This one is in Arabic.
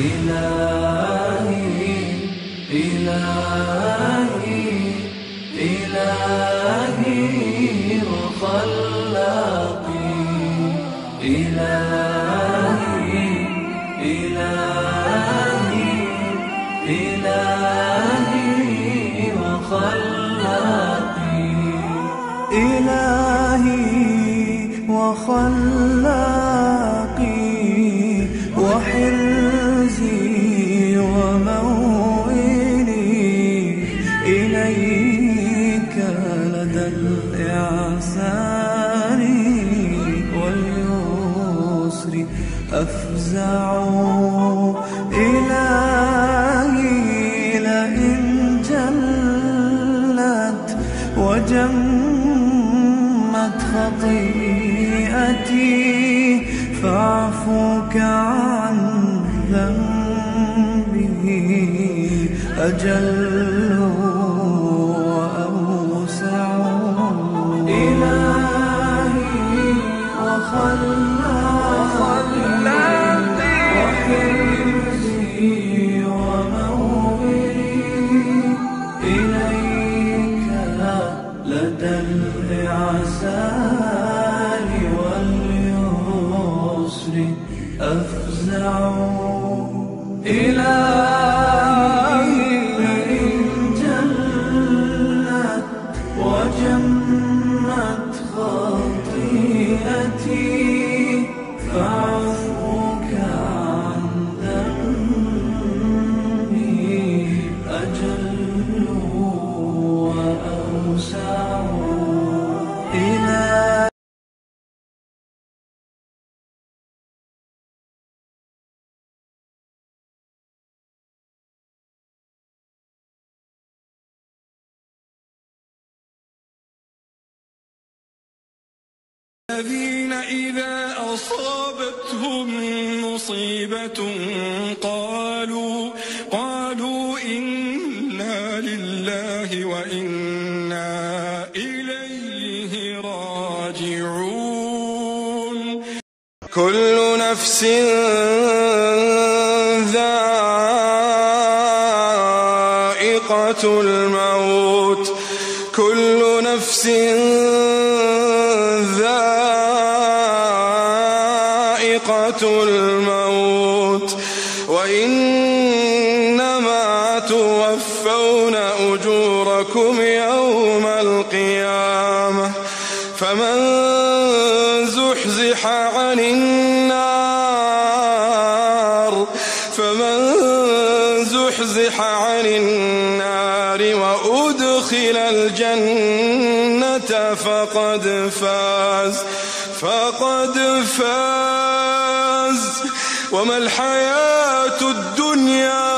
إلهي إلهي إلهي مخلقي إلهي إلهي إلهي مخلقي إلهي وخلقي إليك لدى الإعسار واليسر أفزع إلهي لئن جلت وجمت خطيئتي فاعفوك عن ذنبي أجل أفزع إلى لئن جلت وجمت خطيئتي فعلا الذين إذا أصابتهم مصيبة قالوا قالوا إنا لله وإنا إليه راجعون كل نفس ذائقة الموت كل نفس ذائقة إنما توفون أجوركم يوم القيامة فمن زحزح عن النار فمن زحزح عن النار وأدخل الجنة فقد فاز فقد فاز وما الحياة الدنيا